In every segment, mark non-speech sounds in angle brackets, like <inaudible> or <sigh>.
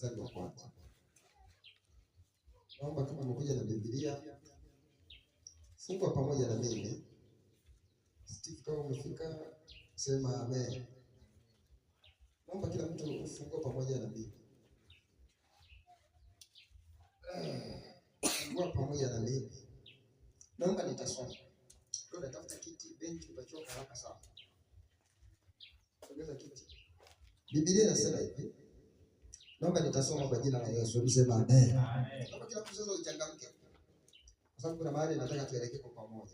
mstari wa kwanza. Naomba kama umekuja na Biblia, fungua pamoja na mimi. Steve, kama umefika sema amen. Naomba kila mtu ufungue pamoja na mimi, eh, fungua pamoja na mimi. Naomba nitasoma. Ndio natafuta kiti, benchi utachoka haraka sana. Sogeza kiti. Biblia inasema hivi Naomba nitasoma kwa jina la Yesu, msema eh. amen. Naomba kila mtu sasa uchangamke, kwa sababu kuna mahali nataka tuelekee kwa pamoja.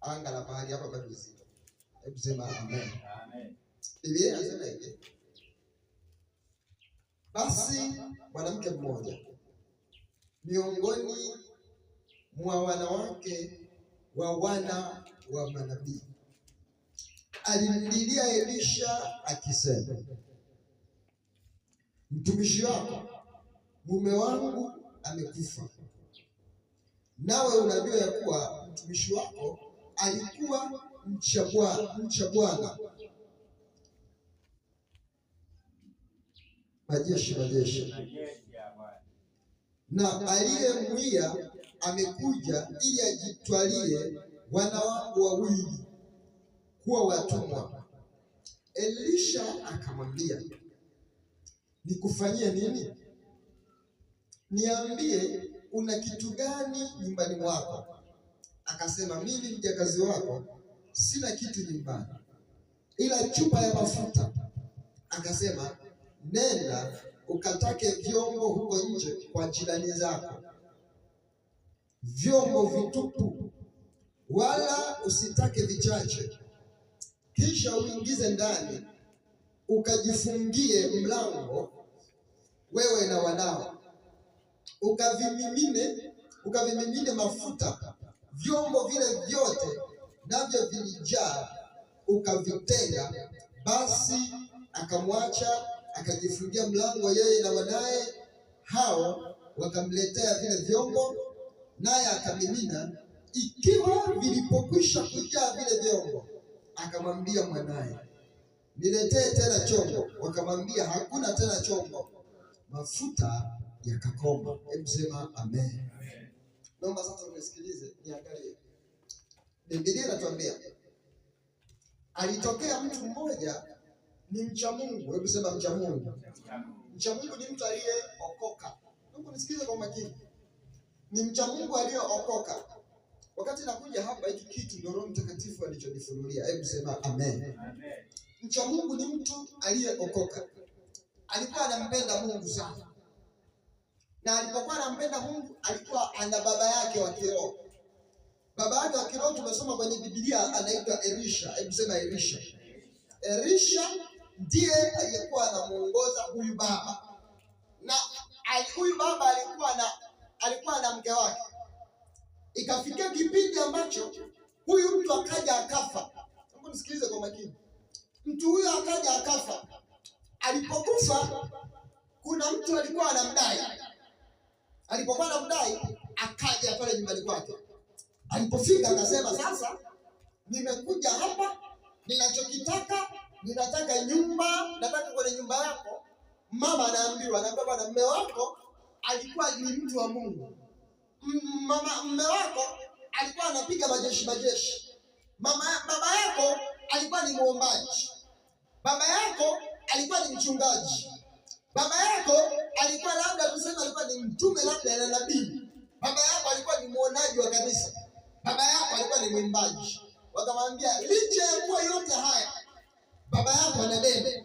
Anga la mahali hapa bado zito, hebu sema amen. Biblia inasema hivi, basi mwanamke mmoja miongoni mwa wanawake wa wana wa manabii alimlilia Elisha akisema mtumishi wako mume wangu amekufa, nawe unajua ya kuwa mtumishi wako alikuwa mcha Bwana. Majeshi majeshi, na aliyemwia amekuja ili ajitwalie wana wangu wawili kuwa watumwa. Elisha akamwambia nikufanyie nini? Niambie, una kitu gani nyumbani mwako? Akasema, mimi mjakazi wako sina kitu nyumbani ila chupa ya mafuta. Akasema, nenda ukatake vyombo huko nje kwa jirani zako, vyombo vitupu, wala usitake vichache, kisha uingize ndani ukajifungie mlango wewe na wanao, ukavimimine ukavimimine mafuta, vyombo vile vyote navyo vilijaa, ukavitenga. Basi akamwacha akajifungia mlango, yeye na wanaye hao wakamletea vile vyombo, naye akamimina. Ikiwa vilipokwisha kujaa vile vyombo, akamwambia mwanaye, niletee tena chombo. Wakamwambia, hakuna tena chombo mafuta yakakoma. Hebu sema amen. Naomba sasa unisikilize, niangalie. Biblia inatuambia alitokea mtu mmoja ni mcha Mungu. Hebu sema mcha Mungu. Mcha Mungu ni mtu aliyeokoka. Mungu, nisikilize kwa makini, ni mcha Mungu aliyeokoka. Wakati nakuja hapa, hiki kitu ndio Roho Mtakatifu alichonifunulia. Hebu sema amen. Mcha Mungu ni mtu aliyeokoka alikuwa anampenda Mungu sana, na alipokuwa anampenda Mungu alikuwa ana baba yake wa kiroho. Baba yake wa kiroho tumesoma kwenye Biblia anaitwa Elisha. Hebu sema Elisha. Elisha ndiye aliyekuwa anamuongoza huyu baba, na huyu baba alikuwa na alikuwa na mke wake. Ikafikia kipindi ambacho huyu mtu akaja akafa. Hebu nisikilize kwa makini, mtu huyu akaja akafa alipokufa kuna mtu alikuwa anamdai, alipokuwa anamdai akaja pale nyumbani kwake. Alipofika akasema, sasa nimekuja hapa, ninachokitaka ninataka nyumba, nataka kwenye nyumba yako. Mama anaambiwa na baba na mme wako alikuwa ni mtu wa Mungu. Mama mme wako alikuwa anapiga majeshi majeshi. Mama baba yako alikuwa ni muombaji. Baba yako alikuwa ni mchungaji. Baba yako alikuwa labda tuseme, alikuwa ni mtume labda na nabii. Baba yako alikuwa ni mwonaji wa kanisa. Baba yako alikuwa ni mwimbaji. Wakamwambia, licha ya kuwa yote haya, baba yako ana deni,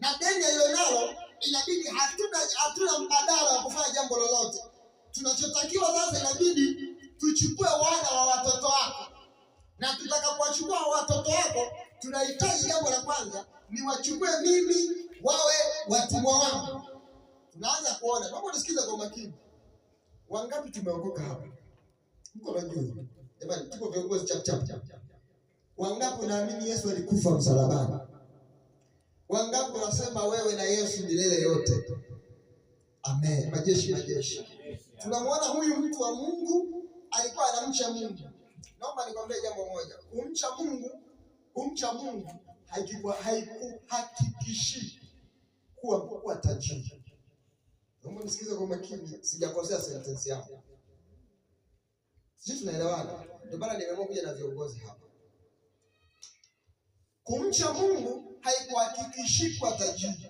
na deni alilonalo inabidi, hatuna hatuna mbadala wa kufanya jambo lolote. Tunachotakiwa sasa, inabidi tuchukue wana wa watoto wako, na tutakapowachukua watoto wako, tunahitaji jambo la kwanza niwachukue mimi wawe watumwa wangu. Tunaanza kuona mambo, nisikiza kwa makini. Wangapi tumeokoka hapa? Mko najua. Jamani, tuko viongozi chap chap chap. Wangapi naamini Yesu alikufa msalabani? Wangapi unasema wewe na Yesu milele yote? Amen. Majeshi majeshi. Tunamwona huyu mtu wa Mungu alikuwa anamcha Mungu. Naomba nikwambie jambo moja. Kumcha Mungu, kumcha Mungu haikuhakikishi kuwa kuwa tajiri. Naomba msikize kwa makini, sijakosea sentensi yangu. Sisi tunaelewana? Ndio maana nimeamua kuja na viongozi hapa. Kumcha Mungu haikuhakikishi kuwa tajiri.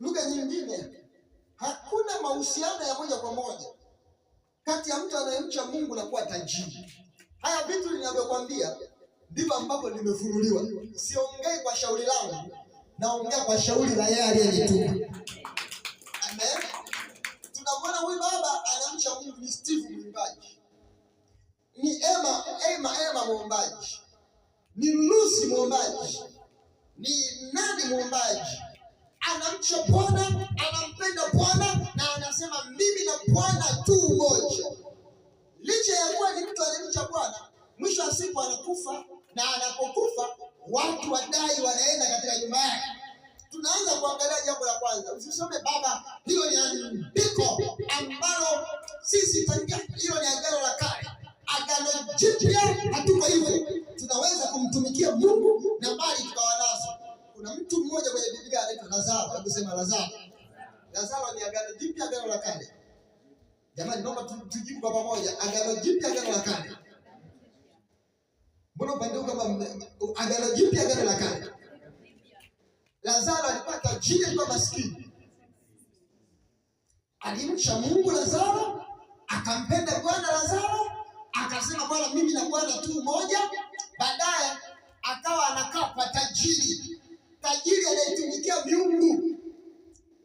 Lugha nyingine, hakuna mahusiano ya moja kwa moja kati ya mtu anayemcha Mungu na kuwa tajiri. Haya vitu ninavyokwambia ndipo ambapo nimefunuliwa. Siongei kwa shauri langu, naongea kwa shauri la yeye aliyenituma. Amen. Tunamwona huyu baba anamcha Mungu. Ni Steve mwimbaji, ni Emma, Emma, Emma mwombaji, ni Lucy mwombaji, ni nani mwombaji, anamcha Bwana, anampenda Bwana na anasema mimi na Bwana tu umoja. Licha ya kuwa ni mtu alimcha Bwana, mwisho wa siku anakufa na anapokufa watu wadai wanaenda katika nyumba yake. Tunaanza kuangalia jambo la kwanza, usisome baba, hilo ni andiko ambalo sisi katika hilo ni agano la kale. Agano jipya hatuko hivyo, tunaweza kumtumikia Mungu na mali tukawa nazo. Kuna mtu mmoja kwenye Biblia anaitwa Lazaro, hebu Lazaro. Lazaro ni agano jipya, agano la kale? Jamani, naomba tujibu kwa pamoja, agano jipya, agano la kale? Mbona upande huko kama agano jipya agano la kale? Lazaro alikuwa tajiri alikuwa maskini. Alimcha Mungu Lazaro, akampenda Bwana Lazaro, akasema Bwana mimi na Bwana tu moja. Baadaye akawa anakaa kwa tajiri. Tajiri anayetumikia miungu.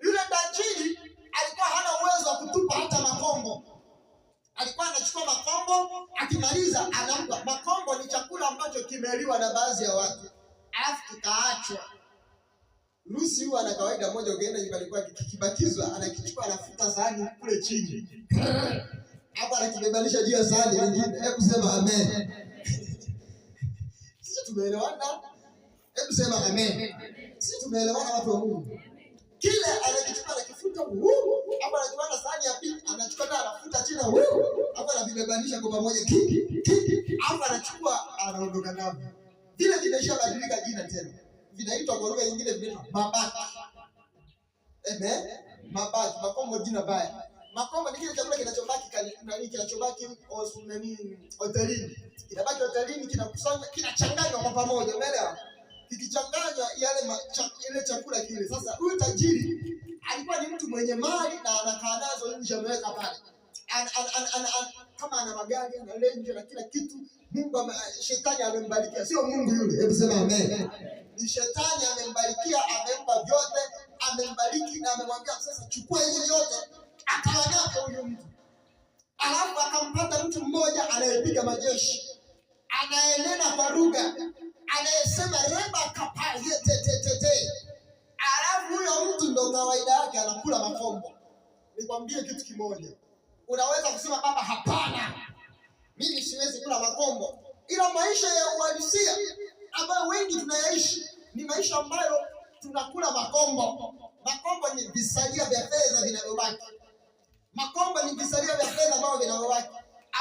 Yule tajiri alikuwa hana uwezo wa kutupa hata makombo. Alikuwa anachukua makombo, akimaliza anampa ni chakula ambacho kimeliwa na baadhi ya watu alafu kikaachwa. Lucy huwa ana kawaida moja, ukienda nyumbani kwake kikibatizwa anakichukua anafuta sahani kule chini <laughs> hapo anakibebanisha juu ya sahani nyingine. Hebu sema amen. <laughs> Sisi tumeelewana? Hebu sema amen. Sisi tumeelewana watu wa Mungu? Kile anakichukua anakifuta, hapo anakiwa sahani ya pili anachukua taa anafuta chini hapo, anavibebanisha kwa pamoja kiki kiki, hapo anachukua anaondoka navyo. Vile vimeshabadilika jina tena, vinaitwa kwa lugha nyingine vinaitwa mabaki. Amen, mabaki, makombo, jina baya. Makombo ni kile chakula kinachobaki kali, kinachobaki hospitalini, hotelini, kinabaki hotelini, kinakusanywa, kinachanganywa kwa pamoja, umeelewa? Kikichanganywa yale ile chakula kile, sasa huyu tajiri alikuwa ni mtu mwenye mali na anakaa nazo nje, ameweka pale an, an, an, an, an, kama ana magari ana lenje na kila kitu. Mungu shetani amembarikia, sio Mungu yule. Hebu sema amen. Ni shetani amembarikia, amempa vyote, amembariki na amemwambia sasa, chukua hivi vyote, akawa nako huyu mtu. Alafu akampata mtu mmoja anayepiga majeshi, anayenena kwa lugha, anayesema reba kapaye tetetetete huyo mtu ndo kawaida yake anakula makombo. Nikwambie kitu kimoja, unaweza kusema baba, hapana, mimi siwezi kula makombo, ila maisha ya uhalisia ambayo wengi tunayaishi ni maisha ambayo tunakula makombo. Makombo ni visalia vya fedha vinavyobaki. Makombo ni visalia vya fedha ambavyo vinavyobaki,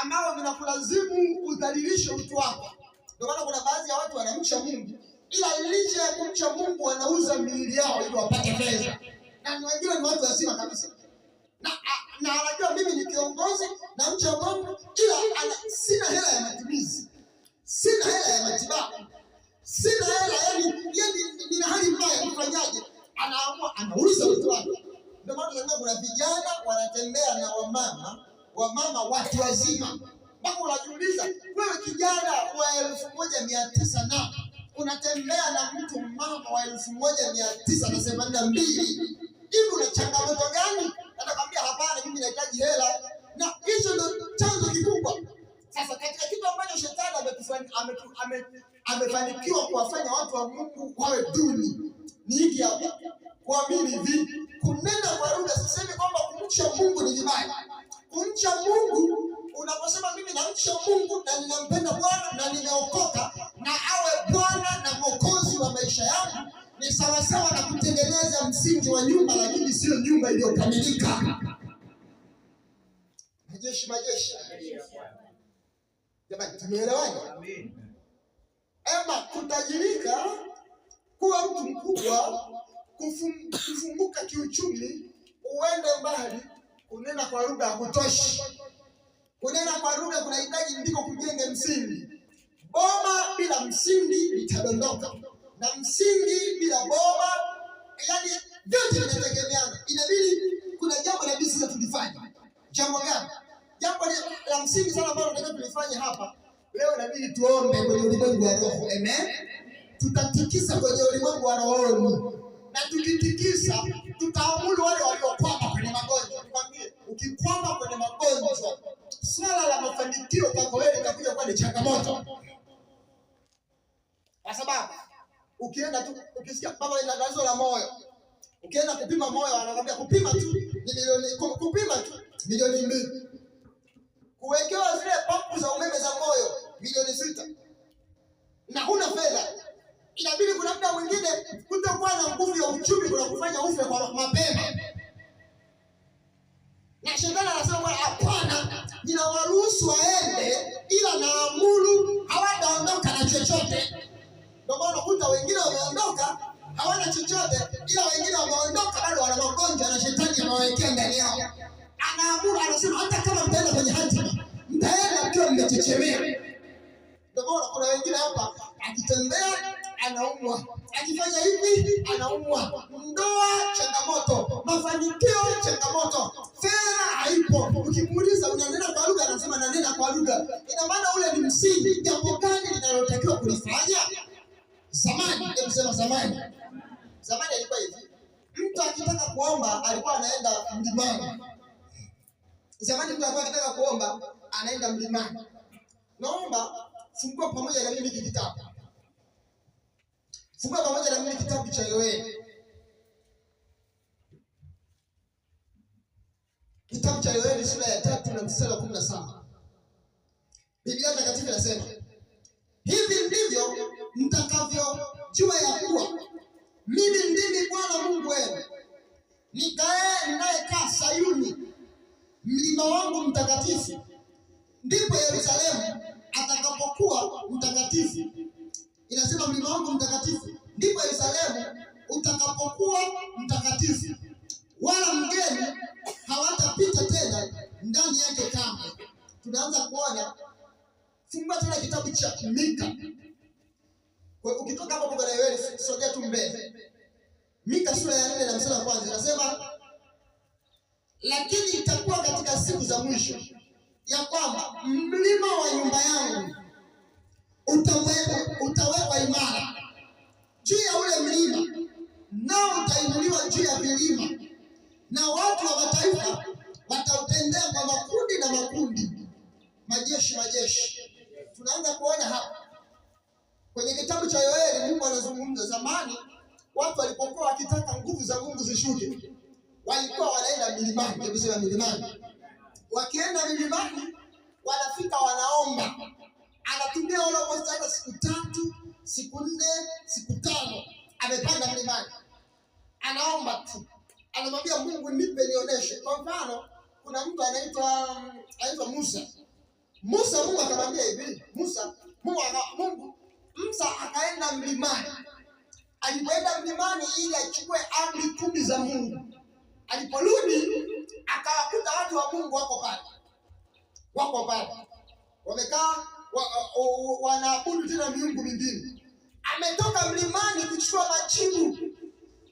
ambao vinakulazimu udhalilishe utu wako. Ndio maana kuna baadhi ya watu wanamcha Mungu ila licha ya kumcha Mungu wanauza miili yao ili wapate pesa, na wengine ni watu wazima kabisa na, na anajua mimi ni kiongozi na mcha Mungu, ila ana, sina hela ya matumizi, sina hela ya matibabu, sina hela yani, yani nina hali mbaya, kufanyaje? Anaamua anauliza watu wake. Ndio maana kuna vijana wanatembea na wamama wamama watu wazima, mpaka unajiuliza wewe, kijana wa elfu moja mia tisa na unatembea na mtu mama wa elfu moja mia tisa na themanini na mbili hivi una changamoto gani? Atakwambia hapana, mimi nahitaji hela, na hicho ndo chanzo kikubwa. Sasa katika kitu ambacho shetani amefanikiwa kuwafanya watu wa Mungu wawe duni ni hivi hapa, kuamini hivi. Kunena kwa lugha, sisemi kwamba kumcha Mungu ni vibaya, kumcha Mungu unaposema mimi namcha Mungu na ninampenda Bwana na nimeokoka na awe Bwana na mwokozi wa maisha yangu, ni sawasawa na kutengeneza msingi wa nyumba, lakini sio nyumba iliyokamilika. Majeshi majeshi, jamani, tumeelewana? Ema kutajirika, kuwa mtu mkubwa, kufunguka kiuchumi, uende mbali, kunena kwa lugha ya kutoshi Kunena kwa lugha kunahitaji ndiko kujenge msingi. Boma bila msingi litadondoka, na msingi bila boma, yani vyote vinategemeana. Inabidi kuna jambo la biashara tulifanya. Jambo gani? Jambo la msingi sana ambalo tunataka tulifanye hapa leo, inabidi tuombe kwenye ulimwengu wa roho. Amen. Tutatikisa kwenye ulimwengu wa roho, na tukitikisa tutaamua moto, kwa sababu ukienda tu ukisikia baba, ina tatizo la moyo, ukienda kupima moyo anakwambia kupima tu ni milioni, kupima tu milioni mbili, kuwekewa zile pampu za umeme za moyo milioni sita, na huna fedha inabidi kuna muda mwingine kutokuwa na nguvu ya uchumi kuna kufanya ufe kwa mapema, na shetani anasema hapana, ninawaruhusu waende, ila naamuru hawataondoka na chochote. Ndio maana unakuta wengine wameondoka hawana chochote, ila wengine wameondoka bado wana magonjwa na shetani amewawekea ndani yao. Anaamuru, anasema hata kama mtaenda kwenye hatima, mtaenda mkiwa mmechechemea. Ndio maana kuna wengine hapa akitembea anaumwa, akifanya hivi anaumwa. Ndoa changamoto, mafanikio changamoto, fedha haipo. Ukimuuliza unanena kwa lugha, anasema nanena kwa lugha. Ina maana ule ni msingi. Jambo gani linalotakiwa kulifanya? Zamani, hebu zamani. Zamani alikuwa hivi, mtu akitaka kuomba alikuwa anaenda mlimani. Zamani mtu alikuwa akitaka kuomba anaenda mlimani. Naomba fungua pamoja na mimi kijitabu Fungua pamoja na mimi kitabu cha Yoeli, kitabu cha Yoeli sura ya tatu na mstari wa kumi na saba Biblia Takatifu inasema hivi ndivyo mtakavyojua ya kuwa mimi ndimi Bwana Mungu wenu nikae ninayekaa Sayuni, mlima wangu mtakatifu, ndipo Yerusalemu atakapokuwa mtakatifu inasema mlima wangu mtakatifu, ndipo Yerusalemu utakapokuwa mtakatifu, wala mgeni hawatapita tena ndani yake kamwe. Tunaanza kuona, fungua tena kitabu cha Mika. Kwa ukitoka hapo kwa Danieli, sogea tu mbele. Mika sura ya 4 na mstari wa kwanza inasema, lakini itakuwa katika siku za mwisho ya kwamba mlima wa nyumba yangu utawekwa imara juu ya ule mlima, nao utainuliwa juu ya vilima, na watu wa mataifa watautendea kwa makundi na makundi, majeshi majeshi. Tunaanza kuona hapa kwenye kitabu cha Yoeli, Mungu anazungumza. Zamani watu walipokuwa wakitaka nguvu za Mungu zishuke, walikuwa wanaenda milimani, kusema milimani, wakienda milimani wanafika, wanaomba anatumia wala wasichana siku tatu, siku nne, siku tano, amepanda mlimani, anaomba tu, anamwambia Mungu, nipe nionyeshe. Kwa mfano, kuna mtu anaitwa anaitwa Musa. Musa, Mungu akamwambia hivi, Musa, Mungu, Mungu, Musa akaenda mlimani. Alipoenda mlimani ili achukue amri kumi za Mungu, aliporudi akawakuta watu wa Mungu wako pale, wako pale wamekaa wanaabudu tena miungu mingine. Ametoka mlimani kuchukua majibu,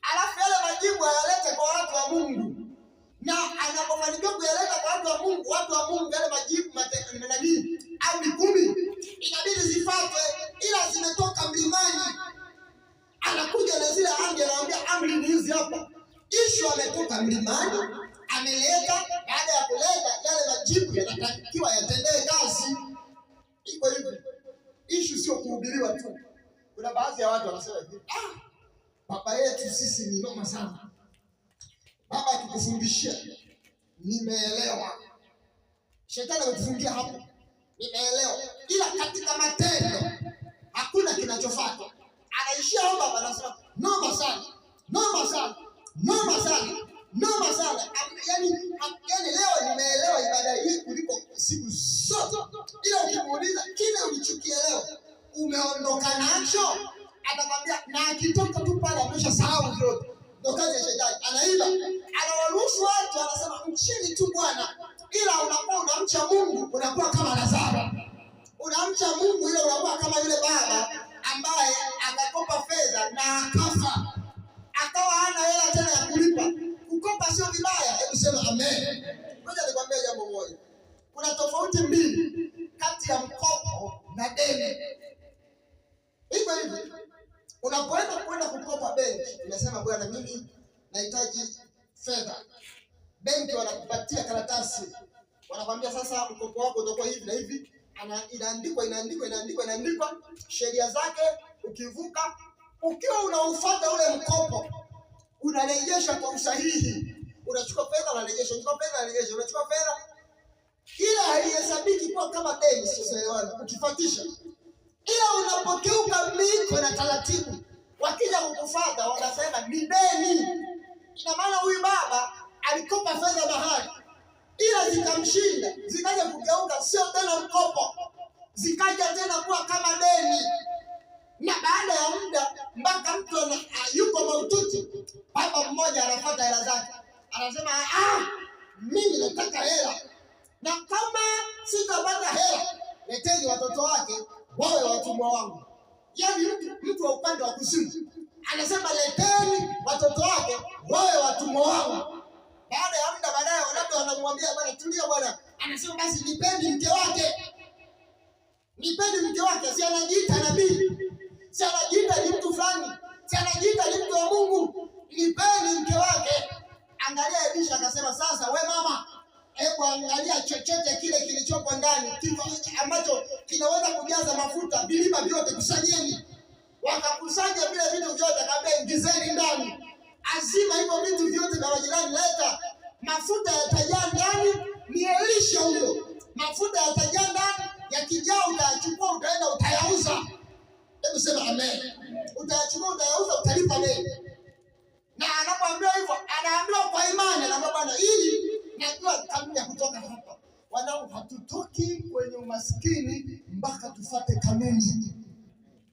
alafu yale majibu ayalete kwa watu wa Mungu, na anapofanikiwa kuyaleta kwa watu wa Mungu, watu wa Mungu yale majibu nanii au ni kumi inabidi zifatwe, ila zimetoka mlimani. Anakuja na zile amri, anawambia amri ni hizi hapa. Ishu ametoka mlimani, ameleta. Baada ya kuleta yale majibu yanataka sio kuhubiriwa tu. Kuna baadhi ya watu wanasema hivi, ah, baba yetu sisi ni noma sana. Baba akikufundishia nimeelewa, shetani amekufungia hapo, nimeelewa, ila katika matendo hakuna kinachofuata. Anaishia hapo, baba anasema noma sana, noma sana, noma sana, noma sana. Yaani, yaani leo nimeelewa ibada hii kuliko siku zote, ila ukimuuliza kile ulichokielewa umeondoka nacho, atakwambia na akitoka tu pale amesha sahau vyote. Ndio kazi ya shetani, anaiba, anawaruhusu watu, anasema mchini tu Bwana, ila unakuwa unamcha Mungu unakuwa kama Lazaro, unamcha Mungu ila unakuwa kama yule baba ambaye akakopa fedha na akafa, akawa hana hela tena ya kulipa. Kukopa sio vibaya, hebu sema amen. Ngoja nikwambie jambo moja, kuna tofauti mbili kati ya mkopo na deni. Hivyo hivyo unapoenda kwenda kukopa benki, unasema bwana, mimi nahitaji fedha. Benki wanakupatia karatasi, wanakwambia sasa mkopo wako utakuwa hivi na hivi, inaandikwa inaandikwa inaandikwa inaandikwa sheria zake. Ukivuka, ukiwa unaufuata ule mkopo, unarejesha kwa usahihi, unachukua fedha, unarejesha, unachukua fedha, unarejesha, unachukua fedha, ila haihesabiki kuwa kama deni. Sasa ukifuatisha Ila unapokiuka miko na taratibu, wakija kukufuata wanasema ni deni. Ina maana huyu baba alikopa fedha mahali, ila zikamshinda, zikaja kugeuka sio tena mkopo, zikaja tena kuwa kama deni. Na baada ya muda, mpaka mtu yuko maututi, baba mmoja anafuata hela zake, anasema ah, mimi nataka hela, na kama sitapata hela, leteni watoto wake wawe watumwa wangu. Yaani mtu mtu wa upande wa kusini anasema leteni watoto wake wawe watumwa wangu. Baada ya muda baadaye, labda wanamwambia bwana, tulia bwana, anasema basi nipeni mke wake, nipeni mke wake. Si anajiita nabii, si anajiita ni mtu fulani, si anajiita ni mtu wa Mungu, nipeni mke wake. Angalia Elisha akasema, sasa we mama hebu angalia chochote kile kilichopo ndani ambacho kinaweza kujaza mafuta, vilima vyote kusanyeni. Wakakusanya vile vitu vyote, kabla ingizeni ndani, azima hivyo vitu vyote vya wajirani, leta mafuta yatajaa ndani. Ni Elisha huyo, mafuta yatajaa ndani, yakijaa utayachukua, utaenda utayauza. Hebu sema amen. Utayachukua, utayauza, utalipa leo. Na anapoambiwa hivyo, anaambiwa kwa imani, anamwambia Bwana maskini mpaka tufate kanuni.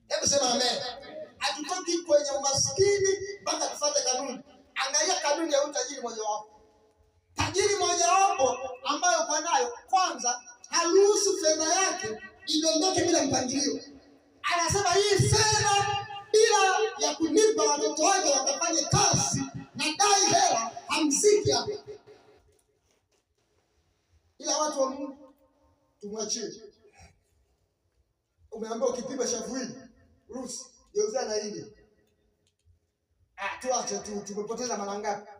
Hebu sema amen. Hatutoki kwenye umaskini mpaka tufate kanuni. Angalia kanuni ya utajiri mojawapo. Tajiri mojawapo ambayo kwa nayo, kwanza haruhusu fedha yake idondoke bila mpangilio. Anasema hii fedha bila ya kunipa watoto wake wakafanye kazi na dai hela hamsiki hapa, ila watu wa Mungu tumwachie. umeambia ukipima shavu hili rusi jeuza na hili ah, tuache tu. Tumepoteza mara ngapi?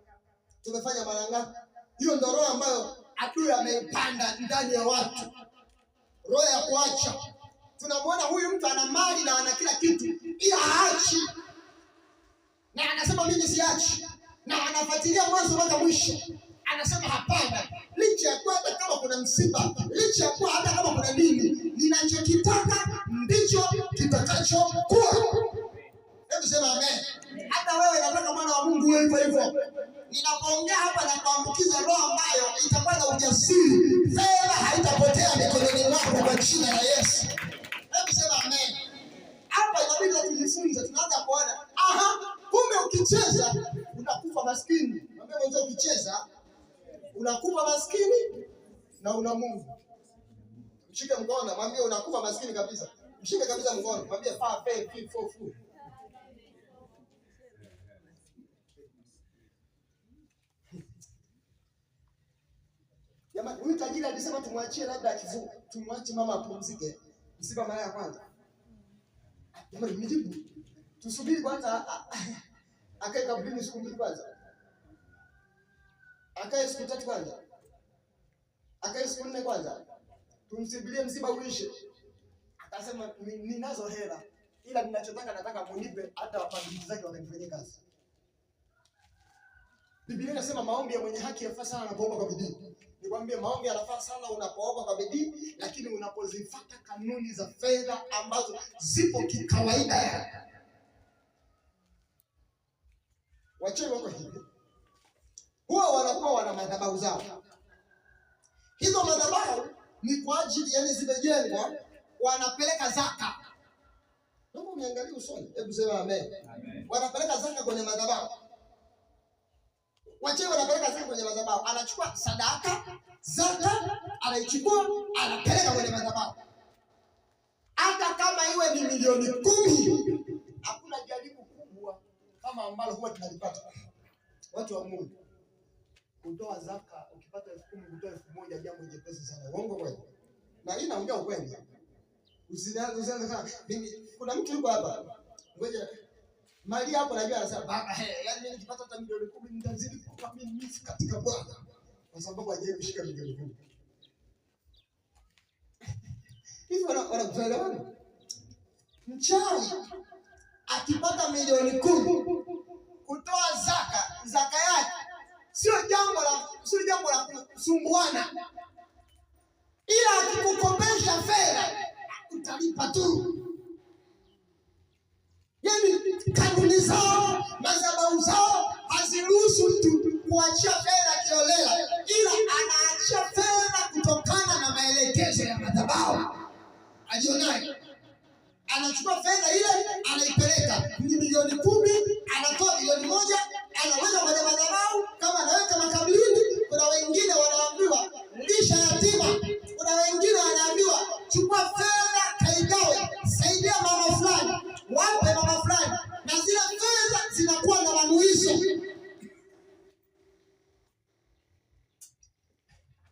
Tumefanya mara ngapi? Hiyo ndio roho ambayo adui ameipanda ndani ya watu, roho ya kuacha. Tunamwona huyu mtu ana mali na ana kila kitu, ila haachi, na anasema mimi siachi, na anafuatilia mwanzo mpaka mwisho, anasema hapana licha ya kuwa hata kama kuna msiba, licha ya kuwa hata kama kuna nini, ninachokitaka ndicho kitakachokuwa. Hebu sema amen. Hata wewe nataka mwana wa Mungu uwe hivyo hivyo. Ninapoongea hapa na kuambukiza roho ambayo itakuwa na ujasiri, fedha haitapotea mikononi mwako kwa jina la Yesu. Hebu sema amen. Hapa inabidi tujifunze, tunaanza kuona aha, kumbe ukicheza unakufa maskini. Mwambie mwenzo ukicheza unakufa maskini na una Mungu. Mshike mkono, mwambie unakufa maskini kabisa. Mshike kabisa mkono, mwambie fa fe fi fo fu. <laughs> Jamani, huyu tajiri alisema tumwachie labda kizu tumwache mama apumzike. Msiba mara ya kwanza. Jamani, mjibu. Tusubiri kwanza akae kaburini siku mbili kwanza akae siku tatu kwanza, akae siku nne kwanza, tumsibilie msiba uishe. Akasema ninazo hela, ila ninachotaka nataka munipe hata wafadhili zake wakanifanyia kazi. Biblia inasema maombi ya mwenye haki yafaa sana anapoomba kwa bidii. Nikwambie maombi yanafaa sana unapoomba kwa bidii, lakini unapozifuata kanuni za fedha ambazo zipo kikawaida. Wachawi wako hivi huwa wanakuwa wana madhabahu zao. Hizo madhabahu ni kwa ajili yani, zimejengwa wanapeleka zaka. Naomba uniangalie usoni, hebu sema amen. Wanapeleka zaka kwenye madhabahu, wachawi wanapeleka zaka kwenye madhabahu, anachukua sadaka, zaka anaichukua, anapeleka kwenye madhabahu, hata kama iwe ni milioni kumi. Hakuna jaribu kubwa kama ambalo huwa tunalipata watu wa Mungu kutoa zaka, ukipata elfu kumi kutoa elfu moja jambo jepesi sana. Uongo kweli? Na hii naongea ukweli. Usianze usianze mimi, kuna mtu yuko hapa, ngoja mali hapo, najua anasema baba, he, yani mimi nikipata hata milioni 10 nitazidi mimi kuamini katika Bwana, kwa sababu ajaye kushika milioni 10 <laughs> hivi. Wana wana wanaelewana? Mchawi akipata milioni kumi kutoa zaka zaka yake sio jambo la sio jambo la kusumbuana, ila akikukopesha fedha utalipa tu. Yani kanuni zao madhabahu zao haziruhusu mtu kuachia fedha kiolela, ila anaachia fedha kutokana na maelekezo ya madhabahu ajionaye anachukua fedha ile anaipeleka, ni milioni kumi, anatoa milioni moja anaweza kwenye madhabahu kama anaweka makaburini. Kuna wengine wanaambiwa lisha yatima, kuna wengine wanaambiwa chukua fedha kaigawe, saidia mama fulani, wape mama fulani, na zile fedha zinakuwa na manuizo.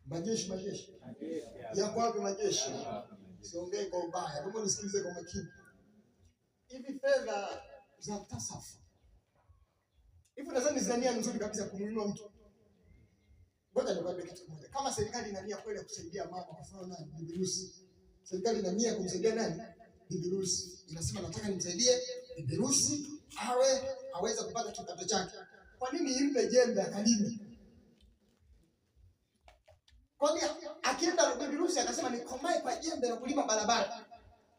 Majeshi, majeshi yako wapi? Majeshi, siongee kwa ubaya, naomba nisikilize kwa makini. Hivi fedha za tasafu Hivi nadhani zina nia nzuri kabisa kumuinua mtu. Ngoja nikwambie kitu kimoja. Kama serikali ina nia kweli ya kusaidia mama kwa sababu nani? bibi Rusi. Serikali ina nia kumsaidia nani? Bibi Rusi. Inasema nataka nimsaidie bibi Rusi awe aweze kupata kipato chake. Kwa nini impe jembe akalime? nini akienda bibi Rusi akasema nikomae kwa jembe na kulima barabara.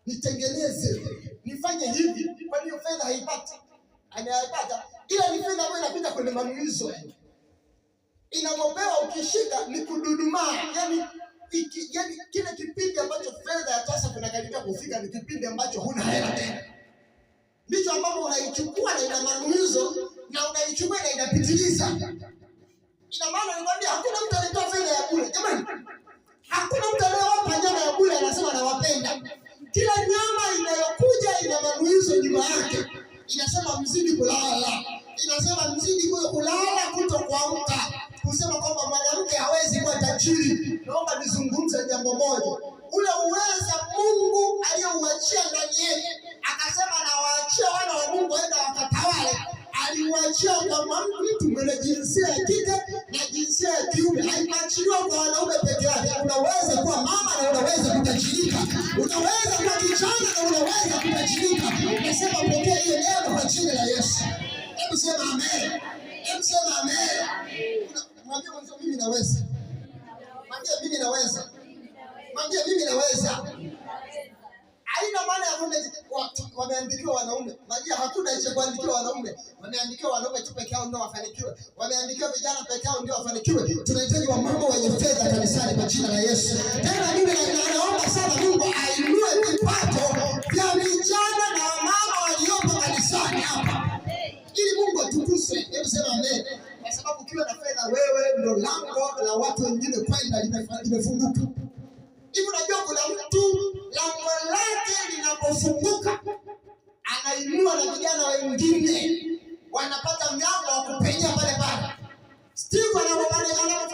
Nitengeneze, nifanye hivi, kwa hiyo fedha haipati. Anayapata ile ni fedha ambayo inapita kwenye manunuzo inapopewa ukishika ni kududumaa, yani yani kile kipindi ambacho fedha ya tasa kunakaribia kufika ni kipindi ambacho huna hela tena, ndicho ambapo unaichukua na ina manunuzo na unaichukua na inapitiliza. Ina maana nikwambia hakuna mtu Mwambie mimi naweza, mwambie mimi naweza. Haina maana ya kwamba wameandikiwa wanaume. Najua hakuna cha kuandikiwa wanaume, wameandikiwa wanaume tu peke yao ndio wafanikiwe, wameandikiwa vijana peke yao ndio wafanikiwe. Tunahitaji wamama wenye fedha kanisani kwa jina la Yesu. Tena mimi naomba sana Mungu ainue vipato vya vijana na wamama waliopo kanisani hapa, ili Mungu atukuzwe. Hebu sema amen sababu ukiwa na fedha wewe ndo lango la watu wengine kwenda limefunguka. Hivi unajua kuna mtu lango lake linapofunguka anainua na vijana wengine wanapata mlango wa kupenya pale pale. Steve anapopanda